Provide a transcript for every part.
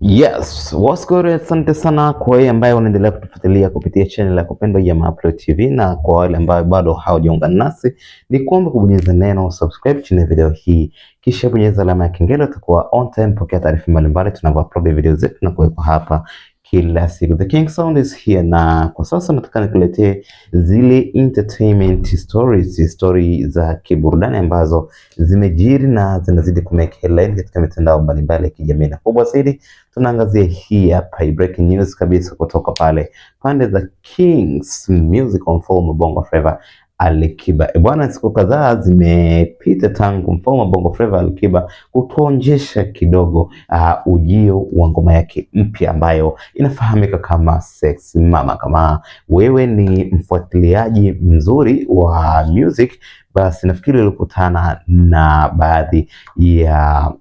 Yes, what's good? Asante sana kwa wewe ambaye unaendelea kutufuatilia kupitia channel ya kupendwa ya Mapro TV, na kwa wale ambao bado hawajaungana nasi, ni kuomba kubonyeza neno subscribe chini ya video hii, kisha bonyeza alama ya kengele, utakuwa on time pokea taarifa mbalimbali tunapo upload video zetu na kuwekwa hapa kila siku. The King Sound is here, na kwa sasa nataka nikuletee zile entertainment stories, story za kiburudani ambazo zimejiri na zinazidi kumake headline katika mitandao mbalimbali ya kijamii, na kubwa zaidi tunaangazia hii hapa breaking news kabisa kutoka pale pande za Kings Music on Bongo Flava Alikiba. E, bwana, siku kadhaa zimepita tangu mfumo wa Bongo Flava Alikiba kutuonjesha kidogo uh, ujio wa ngoma yake mpya ambayo inafahamika kama Sex Mama. Kama wewe ni mfuatiliaji mzuri wa music, basi nafikiri ulikutana na baadhi ya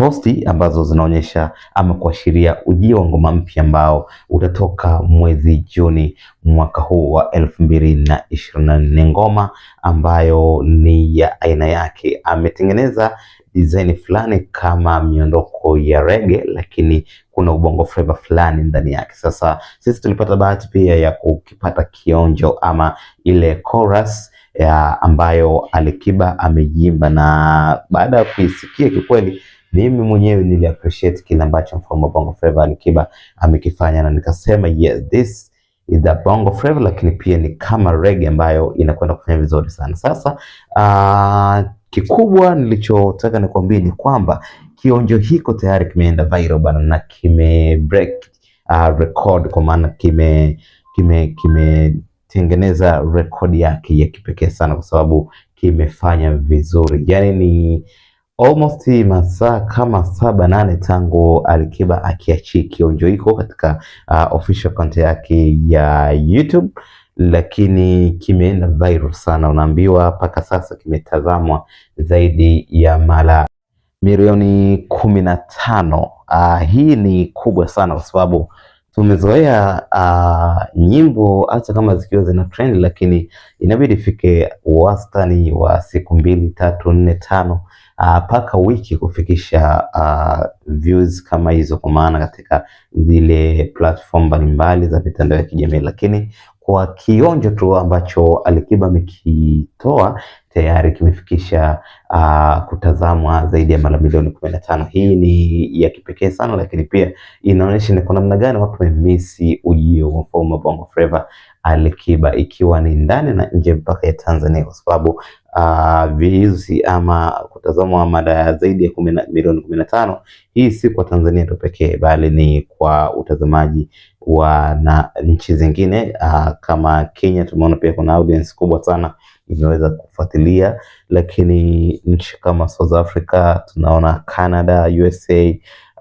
posti ambazo zinaonyesha ama kuashiria ujio wa ngoma mpya ambao utatoka mwezi Juni mwaka huu wa elfu mbili na ishirini na nne, ngoma ambayo ni ya aina yake. Ametengeneza design fulani kama miondoko ya rege, lakini kuna ubongo flavor fulani ndani yake. Sasa sisi tulipata bahati pia ya kukipata kionjo ama ile chorus ya eh, ambayo Alikiba amejimba na baada ya kuisikia kikweli mimi mwenyewe nili appreciate kile ambacho mfumo wa Bongo Flava Alikiba amekifanya, na nikasema yes, this is the Bongo Flava, lakini pia ni kama reggae ambayo inakwenda kufanya vizuri sana. Sasa uh, kikubwa nilichotaka nikwambie ni kwamba kionjo hiko tayari kimeenda viral bana, na kime break uh, record kwa maana kime kime kimetengeneza rekodi yake ya kipekee sana, kwa sababu kimefanya vizuri yani ni almost masaa kama saba nane tangu Alikiba akiachia kionjo hiko katika uh, official account yake ya YouTube, lakini kimeenda viral sana, unaambiwa mpaka sasa kimetazamwa zaidi ya mara milioni kumi na tano. Uh, hii ni kubwa sana kwa sababu tumezoea uh, nyimbo hata kama zikiwa zina trend, lakini inabidi ifike wastani wa siku mbili tatu nne tano mpaka ah, uh, wiki kufikisha uh, views kama hizo, kwa maana katika zile platform mbalimbali za mitandao ya kijamii. Lakini kwa kionjo tu ambacho Alikiba amekitoa tayari kimefikisha uh, kutazamwa zaidi ya mara milioni kumi na tano. Hii ni ya kipekee sana, lakini pia inaonyesha ni kwa namna gani watu wamemisi ujio wa Bongo Flava. Alikiba ikiwa ni ndani na nje mpaka ya Tanzania kwa sababu uh, ah, vizi ama kutazama mara zaidi ya kumina, milioni kumi na tano. Hii si kwa Tanzania tu pekee bali ni kwa utazamaji wa na nchi zingine uh, kama Kenya tumeona pia kuna audience kubwa sana imeweza kufuatilia, lakini nchi kama South Africa tunaona Canada, USA,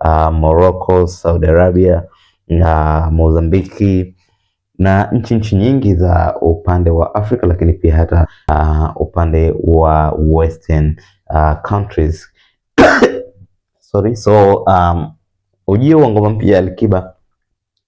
uh, ah, Morocco, Saudi Arabia na uh, Mozambiki na nchi nchi nyingi za upande wa Afrika, lakini pia hata uh, upande wa western uh, countries sorry. So um, ujio wa ngoma mpya ya Alikiba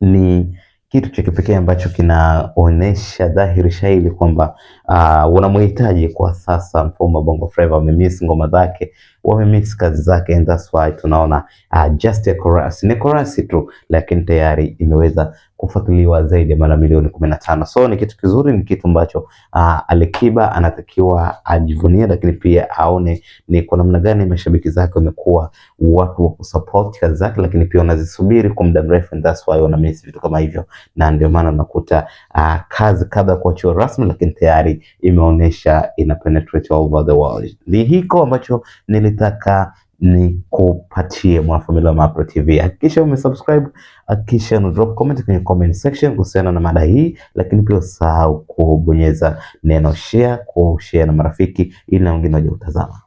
ni kitu cha kipekee ambacho kinaonesha dhahiri shahiri kwamba uh, wanamhitaji kwa sasa. Mfumo wa Bongo Flava wamemiss ngoma zake, wamemiss kazi zake, and that's why tunaona uh, just a chorus. Ni chorus tu, lakini tayari imeweza kufuatiliwa zaidi ya mara milioni 15. So ni kitu kizuri, ni kitu ambacho ah, Alikiba anatakiwa ajivunie, lakini pia aone ni kwa namna gani mashabiki zake wamekuwa watu wa kusupport kazi zake, lakini pia wanazisubiri kwa muda mrefu, and that's why wana miss vitu kama hivyo, na ndio maana uh, kazi kadha kuachiwa rasmi, lakini tayari imeonesha ina penetrate all over the world. Ni hiko ambacho nilitaka ni kupatie mwanafamilia wa Mapro TV. Hakikisha umesubscribe, hakikisha una drop comment kwenye comment section kuhusiana na mada hii, lakini pia usahau kubonyeza neno share kwa share na marafiki, ili na wengine waje kutazama.